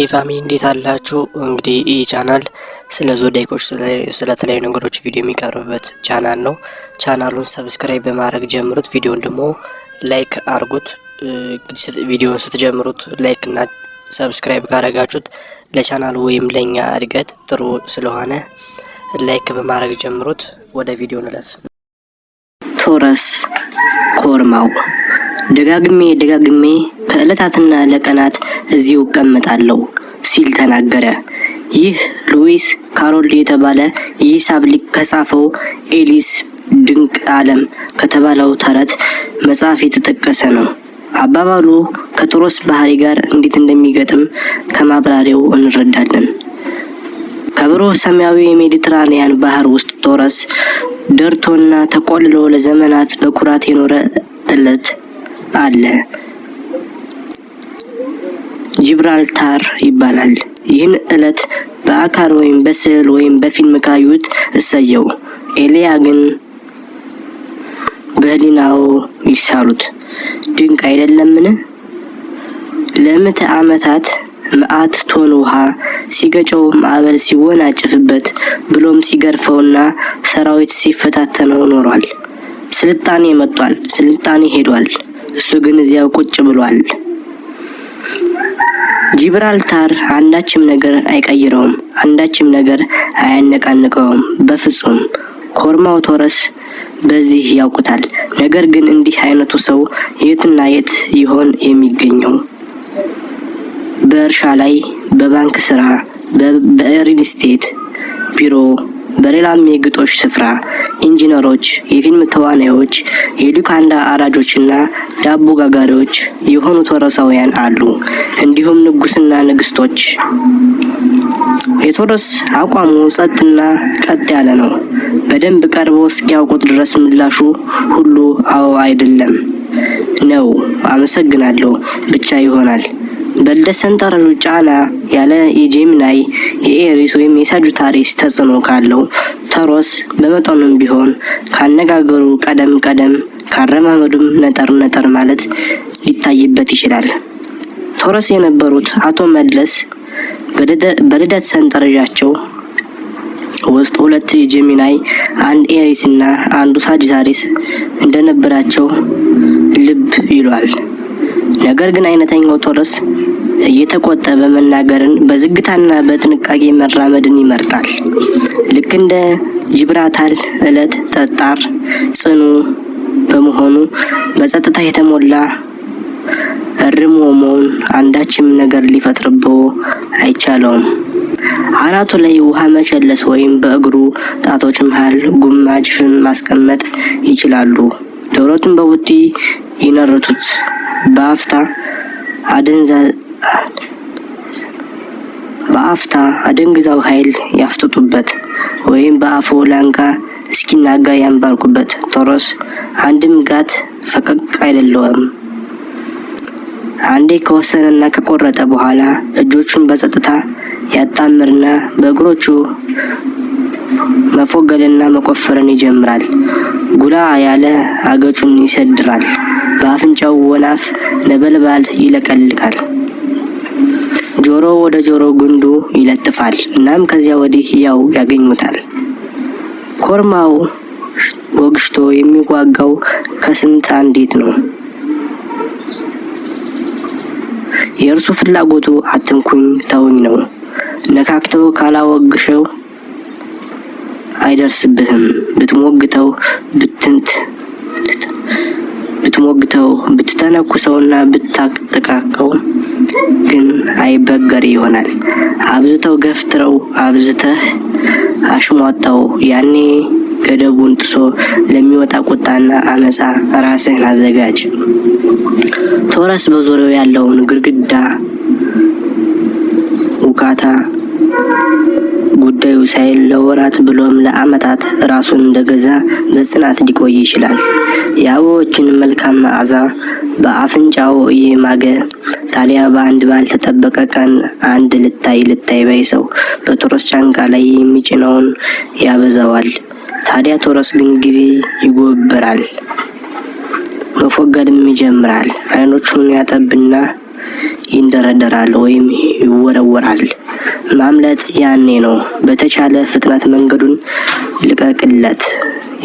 የፋሚሊ እንዴት አላችሁ? እንግዲህ ይህ ቻናል ስለ ዞዳይኮች ስለተለያዩ ነገሮች ቪዲዮ የሚቀርብበት ቻናል ነው። ቻናሉን ሰብስክራይብ በማድረግ ጀምሩት። ቪዲዮን ደግሞ ላይክ አርጉት። ቪዲዮን ስትጀምሩት ላይክ እና ሰብስክራይብ ካረጋችሁት ለቻናሉ ወይም ለእኛ እድገት ጥሩ ስለሆነ ላይክ በማድረግ ጀምሩት። ወደ ቪዲዮ ንለፍ። ቶረስ ኮርማው ደጋግሜ ደጋግሜ ለዕለታትና ለቀናት እዚሁ እቀመጣለሁ ሲል ተናገረ። ይህ ሉዊስ ካሮል የተባለ የሂሳብ ሊቅ ከጻፈው ኤሊስ ድንቅ ዓለም ከተባለው ተረት መጽሐፍ የተጠቀሰ ነው። አባባሉ ከቶሮስ ባህሪ ጋር እንዴት እንደሚገጥም ከማብራሪያው እንረዳለን። ከብሩህ ሰማያዊ የሜዲትራንያን ባህር ውስጥ ጦረስ ደርቶና ተቆልሎ ለዘመናት በኩራት የኖረ ዕለት አለ። ጂብራልታር ይባላል። ይህን ዕለት በአካል ወይም በስዕል ወይም በፊልም ካዩት እሰየው፣ ኤልያ ግን በህሊናው ይሳሉት። ድንቅ አይደለምን? ለምት ዓመታት መዓት ቶን ውሃ ሲገጨው ማዕበል ሲወናጭፍበት ብሎም ሲገርፈውና ሰራዊት ሲፈታተነው ኖሯል። ስልጣኔ መጥቷል፣ ስልጣኔ ሄዷል። እሱ ግን እዚያው ቁጭ ብሏል። ጂብራልታር አንዳችም ነገር አይቀይረውም፣ አንዳችም ነገር አያነቃንቀውም በፍጹም። ኮርማው ቶረስ በዚህ ያውቁታል። ነገር ግን እንዲህ አይነቱ ሰው የትና የት ይሆን የሚገኘው? በእርሻ ላይ፣ በባንክ ስራ፣ በሪል ስቴት ቢሮ፣ በሌላም የግጦሽ ስፍራ ኢንጂነሮች፣ የፊልም ተዋናዮች፣ የዱካንዳ አራጆችና ዳቦ ጋጋሪዎች የሆኑ ቶረሳውያን አሉ። እንዲሁም ንጉስና ንግስቶች። የቶረስ አቋሙ ጸጥና ቀጥ ያለ ነው። በደንብ ቀርቦ እስኪያውቁት ድረስ ምላሹ ሁሉ አዎ አይደለም ነው። አመሰግናለሁ ብቻ ይሆናል። በለሰንጠር ጫና ያለ የጄሚናይ የኤሪስ ወይም የሳጁታሪስ ተጽዕኖ ካለው ተሮስ በመጠኑም ቢሆን ካነጋገሩ ቀደም ቀደም ካረማመዱም ነጠር ነጠር ማለት ሊታይበት ይችላል። ተሮስ የነበሩት አቶ መለስ በልደት ሰንጠረዣቸው ውስጥ ሁለት የጄሚናይ አንድ ኤሪስ እና አንዱ ሳጅታሪስ እንደነበራቸው ልብ ይሏል። ነገር ግን አይነተኛው ቶረስ እየተቆጠበ መናገርን በዝግታና በጥንቃቄ መራመድን ይመርጣል። ልክ እንደ ጅብራታል እለት ጠጣር ጽኑ በመሆኑ በጸጥታ የተሞላ እርም አንዳችም ነገር ሊፈጥርቦ አይቻለውም። አናቱ ላይ ውሃ መቸለስ ወይም በእግሩ ጣቶች መሃል ጉማ ማስቀመጥ ይችላሉ። ደረቱን በቡጢ ይነርቱት። በአፍታ አደንዛ በአፍታ አደንግዛው ኃይል ያፍጥጡበት ወይም በአፎ ላንጋ እስኪናጋ ያንባርኩበት ቶሮስ አንድም ጋት ፈቀቅ አይደለውም። አንዴ ከወሰነና ከቆረጠ በኋላ እጆቹን በጸጥታ ያጣምርና በእግሮቹ መፎገልና መቆፈርን ይጀምራል። ጉላ ያለ አገጩን ይሰድራል። በአፍንጫው ወናፍ ነበልባል ይለቀልቃል። ጆሮ ወደ ጆሮ ግንዱ ይለጥፋል። እናም ከዚያ ወዲህ ያው ያገኙታል። ኮርማው ወግሽቶ የሚዋጋው ከስንት አንዴት ነው። የእርሱ ፍላጎቱ አትንኩኝ ተውኝ ነው። ነካክተው ካላወግሸው አይደርስብህም። ብትሞግተው ብትንት ብትሞግተው ብትተነኩሰውና ብታጠቃቀው አይበገር ይሆናል። አብዝተው ገፍትረው አብዝተህ አሽሟጣው። ያኔ ገደቡን ጥሶ ለሚወጣ ቁጣና አመፃ ራስህን አዘጋጅ። ቶረስ በዙሪያው ያለውን ግርግዳ ውካታ ጉዳዩ ሳይል ለወራት ብሎም ለዓመታት ራሱን እንደገዛ በጽናት ሊቆይ ይችላል። የአበቦችን መልካም መዓዛ በአፍንጫው እየማገ በጣሊያ በአንድ ባልተጠበቀ ቀን አንድ ልታይ ልታይ ባይ ሰው በቶረስ ጫንቃ ላይ የሚጭነውን ያበዛዋል። ታዲያ ቶረስ ግን ጊዜ ይጎብራል፣ መፎገድም ይጀምራል። አይኖቹን ያጠብና ይንደረደራል ወይም ይወረወራል። ማምለጥ ያኔ ነው። በተቻለ ፍጥነት መንገዱን ልቀቅለት።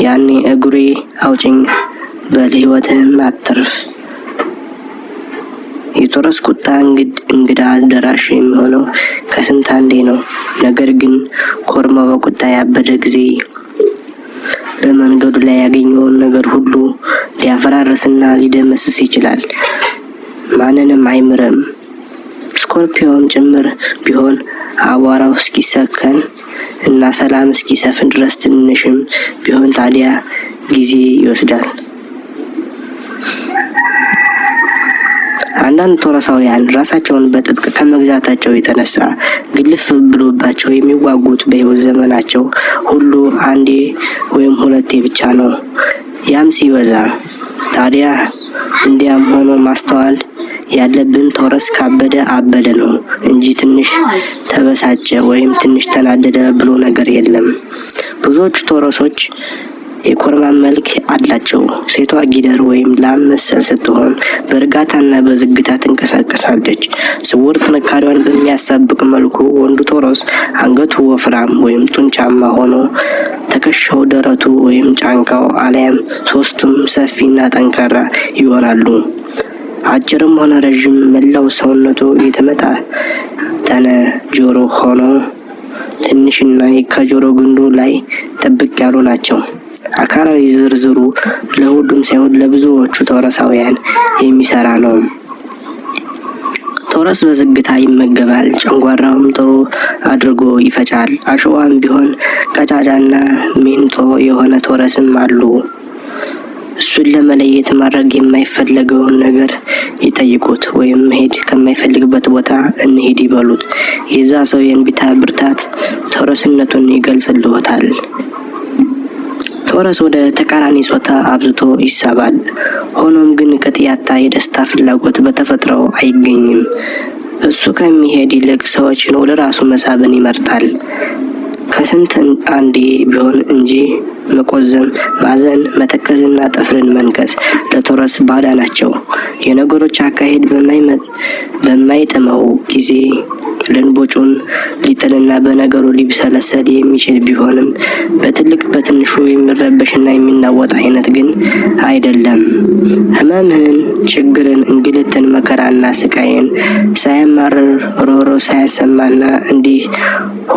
ያኔ እግሬ አውጭኝ በል፣ ህይወትህም አትርፍ የጦረስ ቁጣ እንግዳ አደራሽ የሚሆነው ከስንት አንዴ ነው። ነገር ግን ኮርማ በቁጣ ያበደ ጊዜ በመንገዱ ላይ ያገኘውን ነገር ሁሉ ሊያፈራርስና ሊደመስስ ይችላል። ማንንም አይምርም። ስኮርፒዮን ጭምር ቢሆን አቧራው እስኪሰከን እና ሰላም እስኪሰፍን ድረስ ትንሽም ቢሆን ታዲያ ጊዜ ይወስዳል። አንዳንድ ቶረሳውያን ራሳቸውን በጥብቅ ከመግዛታቸው የተነሳ ግልፍ ብሎባቸው የሚዋጉት በህይወት ዘመናቸው ሁሉ አንዴ ወይም ሁለቴ ብቻ ነው፣ ያም ሲበዛ። ታዲያ እንዲያም ሆኖ ማስተዋል ያለብን ቶረስ ካበደ አበደ ነው እንጂ ትንሽ ተበሳጨ ወይም ትንሽ ተናደደ ብሎ ነገር የለም። ብዙዎቹ ቶረሶች የኮርማ መልክ አላቸው። ሴቷ ጊደር ወይም ላም መሰል ስትሆን በእርጋታና በዝግታ ትንቀሳቀሳለች። ስውር ጥንካሬዋን በሚያሳብቅ መልኩ ወንዱ ቶሮስ አንገቱ ወፍራም ወይም ጡንቻማ ሆኖ ትከሻው፣ ደረቱ ወይም ጫንቃው አሊያም ሶስቱም ሰፊና ጠንካራ ይሆናሉ። አጭርም ሆነ ረዥም መላው ሰውነቱ የተመጣጠነ ጆሮ ሆኖ ትንሽና ከጆሮ ግንዱ ላይ ጥብቅ ያሉ ናቸው። አካላዊ ዝርዝሩ ለሁሉም ሳይሆን ለብዙዎቹ ተውረሳውያን የሚሰራ ነው። ተውረስ በዝግታ ይመገባል፣ ጨንጓራውም ጥሩ አድርጎ ይፈጫል። አሸዋም ቢሆን ቀጫጫና ሚንጦ የሆነ ተውረስም አሉ። እሱን ለመለየት ማድረግ የማይፈለገውን ነገር ይጠይቁት፣ ወይም መሄድ ከማይፈልግበት ቦታ እንሄድ ይበሉት። የዛ ሰው የእንቢታ ብርታት ተውረስነቱን ይገልጽልዎታል። ጦረስ ወደ ተቃራኒ ጾታ አብዝቶ ይሳባል። ሆኖም ግን ቅጥያታ የደስታ ፍላጎት በተፈጥሮ አይገኝም። እሱ ከሚሄድ ይልቅ ሰዎችን ወደ ራሱ መሳብን ይመርጣል። ከስንት አንዴ ቢሆን እንጂ መቆዘም፣ ማዘን፣ መተከዝና ጥፍርን መንከስ ለቶረስ ባዳ ናቸው። የነገሮች አካሄድ በማይጥመው ጊዜ ልንቦጩን ሊጥልና በነገሩ ሊብሰለሰል የሚችል ቢሆንም በትልቅ በትንሹ የሚረበሽና የሚናወጥ አይነት ግን አይደለም። ህመምህን፣ ችግርን፣ እንግልትን፣ መከራና ስቃይን ሳያማርር ሮሮ ሳያሰማና እንዲህ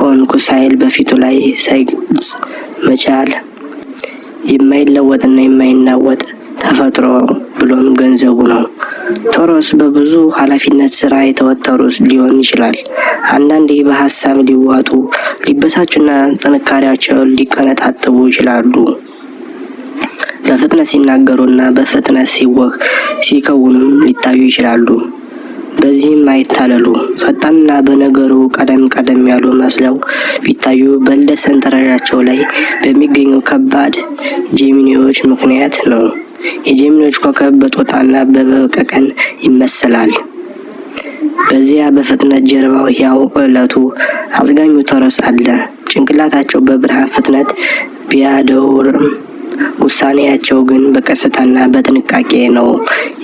ሆንኩ ሳይል በፊቱ ላይ ሳይገልጽ መቻል የማይለወጥና የማይናወጥ ተፈጥሮ ብሎም ገንዘቡ ነው። ቶሮስ በብዙ ኃላፊነት ስራ የተወጠሩ ሊሆን ይችላል። አንዳንዴ በሀሳብ ሊዋጡ ሊበሳቹና ጥንካሬያቸውን ሊቀነጣጥቡ ይችላሉ። በፍጥነት ሲናገሩና በፍጥነት ሲወቅ ሲከውኑም ሊታዩ ይችላሉ። በዚህም አይታለሉ። ፈጣንና በነገሩ ቀደም ቀደም ያሉ መስለው ቢታዩ በእንደ ሰንጠረዣቸው ላይ በሚገኙ ከባድ ጄሚኒዎች ምክንያት ነው። የጄሚኒዎች ኮከብ በጦጣና በበቀቀን ይመሰላል። በዚያ በፍጥነት ጀርባው ያው ዕለቱ አዝጋኙ ተረስ አለ። ጭንቅላታቸው በብርሃን ፍጥነት ቢያደውርም ውሳኔያቸው ግን በቀስታና በጥንቃቄ ነው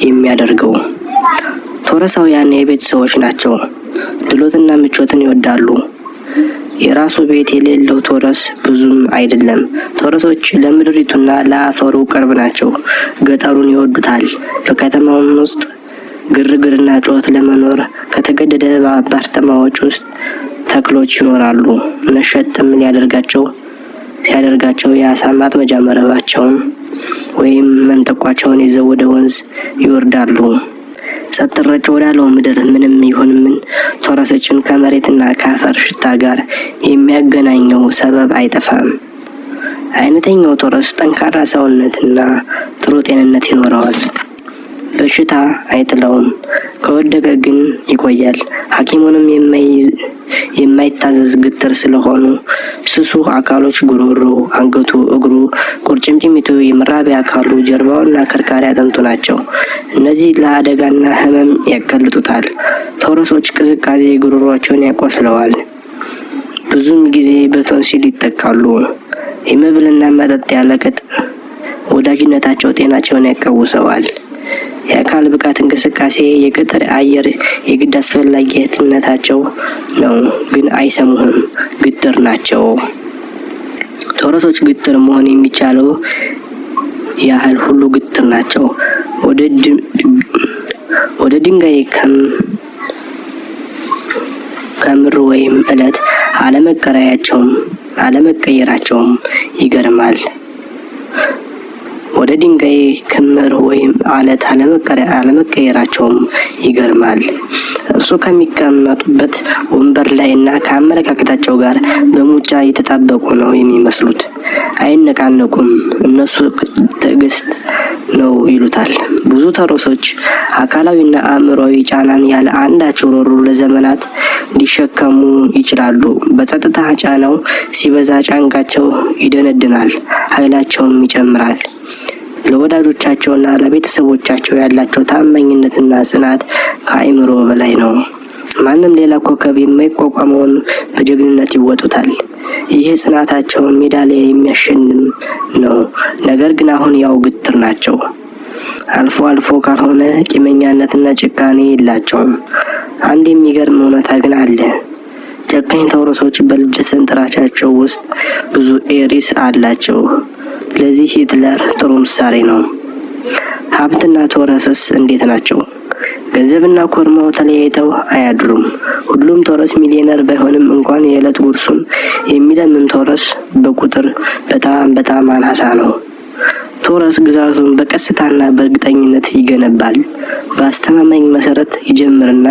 የሚያደርገው። ቶረሳውያን የቤት ሰዎች ናቸው። ድሎትና ምቾትን ይወዳሉ። የራሱ ቤት የሌለው ቶረስ ብዙም አይደለም። ቶረሶች ለምድሪቱና ለአፈሩ ቅርብ ናቸው። ገጠሩን ይወዱታል። በከተማውም ውስጥ ግርግርና ጩኸት ለመኖር ከተገደደ በአፓርተማዎች ውስጥ ተክሎች ይኖራሉ። ምን ያደርጋቸው ሲያደርጋቸው የአሳ ማጥመጃ መረባቸውን ወይም መንጠቋቸውን ይዘው ወደ ወንዝ ይወርዳሉ። ሳትረጭ ወዳለው ምድር ምንም ይሁን ምን ተወረሰችን ከመሬትና ከአፈር ሽታ ጋር የሚያገናኘው ሰበብ አይጠፋም። አይነተኛው ቶረስ ጠንካራ ሰውነትና ጥሩ ጤንነት ይኖረዋል። በሽታ አይጥለውም፣ ከወደቀ ግን ይቆያል። ሐኪሙንም የማይታዘዝ ግትር ስለሆኑ ስሱ አካሎች ጉሮሮ፣ አንገቱ፣ እግሩ፣ ቁርጭምጭሚቱ፣ የመራቢያ አካሉ፣ ጀርባውና ከርካሪ አጥንቱ ናቸው። እነዚህ ለአደጋና ሕመም ያጋልጡታል። ተውረሶች ቅዝቃዜ ጉሮሯቸውን ያቆስለዋል። ብዙም ጊዜ በቶንሲል ይጠቃሉ። የመብልና መጠጥ ያለቅጥ ወዳጅነታቸው ጤናቸውን ያቃውሰዋል። የአካል ብቃት እንቅስቃሴ የገጠር አየር የግድ አስፈላጊነታቸው ነው፣ ግን አይሰሙህም። ግትር ናቸው። ተውረቶች ግትር መሆን የሚቻለው ያህል ሁሉ ግትር ናቸው። ወደ ድንጋይ ከምር ወይም እለት አለመቀረያቸውም አለመቀየራቸውም ይገርማል። ወደ ድንጋይ ክምር ወይም አለት አለመቀየራቸውም ይገርማል። እርሱ ከሚቀመጡበት ወንበር ላይ እና ከአመለካከታቸው ጋር በሙጫ የተጣበቁ ነው የሚመስሉት። አይነቃነቁም። እነሱ ትዕግስት ነው ይሉታል። ብዙ ተሮሶች አካላዊና አእምሯዊ ጫናን ያለ አንዳቸው ሮሮ ለዘመናት ሊሸከሙ ይችላሉ። በጸጥታ ጫናው ሲበዛ ጫንቃቸው ይደነድናል፣ ኃይላቸውም ይጨምራል። ለወዳጆቻቸውና ለቤተሰቦቻቸው ያላቸው ታማኝነትና ጽናት ከአእምሮ በላይ ነው። ማንም ሌላ ኮከብ የማይቋቋመውን በጀግንነት ይወጡታል። ይህ ጽናታቸውን ሜዳሊያ የሚያሸንም ነው። ነገር ግን አሁን ያው ግትር ናቸው። አልፎ አልፎ ካልሆነ ቂመኛነትና ጭካኔ የላቸውም። አንድ የሚገርም እውነታ ግን አለ። ጨካኝ ታውረሶች በልጅት ሰንጠረዣቸው ውስጥ ብዙ ኤሪስ አላቸው። ለዚህ ሂትለር ጥሩ ምሳሌ ነው። ሀብትና ቶረስስ እንዴት ናቸው? ገንዘብና ኮርማው ተለያይተው አያድሩም። ሁሉም ቶረስ ሚሊዮነር ባይሆንም እንኳን የዕለት ጉርሱን የሚለምን ቶረስ በቁጥር በጣም በጣም አናሳ ነው። ቶረስ ግዛቱን በቀስታና በእርግጠኝነት ይገነባል። በአስተማማኝ መሰረት ይጀምርና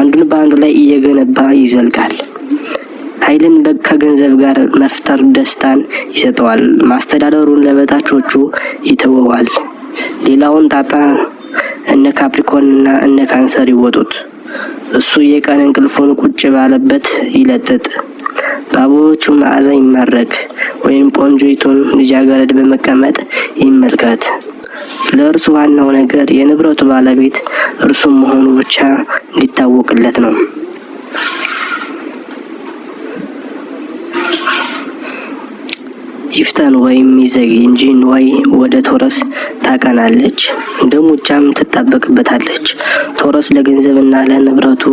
አንዱን በአንዱ ላይ እየገነባ ይዘልቃል። ኃይልን ከገንዘብ ጋር መፍጠር ደስታን ይሰጠዋል፣ ማስተዳደሩን ለበታቾቹ ይተወዋል። ሌላውን ጣጣ እነ ካፕሪኮንና እነ ካንሰር ይወጡት። እሱ የቀን እንቅልፉን ቁጭ ባለበት ይለጥጥ፣ በአበቦቹ መዓዛ ይማረክ፣ ወይም ቆንጆይቱን ልጃገረድ በመቀመጥ ይመልከት። ለእርሱ ዋናው ነገር የንብረቱ ባለቤት እርሱ መሆኑ ብቻ እንዲታወቅለት ነው። ይፍጠን ወይም ይዘግ እንጂ ንዋይ ወደ ቶረስ ታቀናለች፣ እንደ ሙጫም ትጣበቅበታለች። ቶረስ ለገንዘብና ለንብረቱ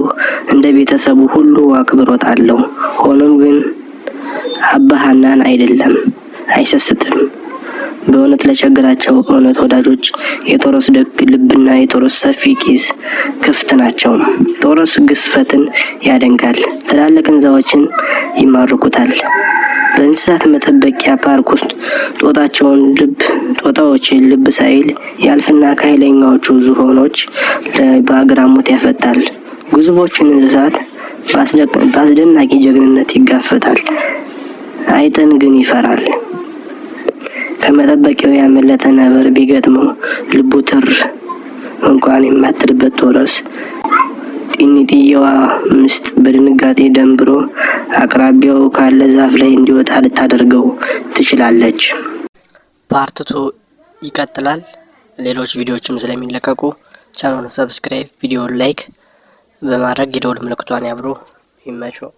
እንደ ቤተሰቡ ሁሉ አክብሮት አለው። ሆኖም ግን አባሃናን አይደለም፣ አይሰስትም። በእውነት ለቸገራቸው በእውነት ወዳጆች የጦሮስ ደግ ልብና የጦሮስ ሰፊ ኪስ ክፍት ናቸው። ጦሮስ ግስፈትን ያደንቃል፣ ትላልቅ ህንፃዎችን ይማርኩታል። በእንስሳት መጠበቂያ ፓርክ ውስጥ ጦጣቸውን ልብ ጦጣዎችን ልብ ሳይል ያልፍና ከኃይለኛዎቹ ዝሆኖች በአግራሞት ያፈጣል። ግዙፎችን እንስሳት በአስደናቂ ጀግንነት ይጋፈጣል። አይጥን ግን ይፈራል። ከመጠበቂያው ያመለጠ ነበር ቢገጥመው ልቡ ትር እንኳን የማትልበት ቶረስ ጢኒጥየዋ ምስጥ በድንጋጤ ደንብሮ አቅራቢያው ካለ ዛፍ ላይ እንዲወጣ ልታደርገው ትችላለች። ፓርትቱ ይቀጥላል። ሌሎች ቪዲዮዎችም ስለሚለቀቁ ቻናሉን ሰብስክራይብ፣ ቪዲዮን ላይክ በማድረግ የደውል ምልክቷን ያብሩ። ይመቸው።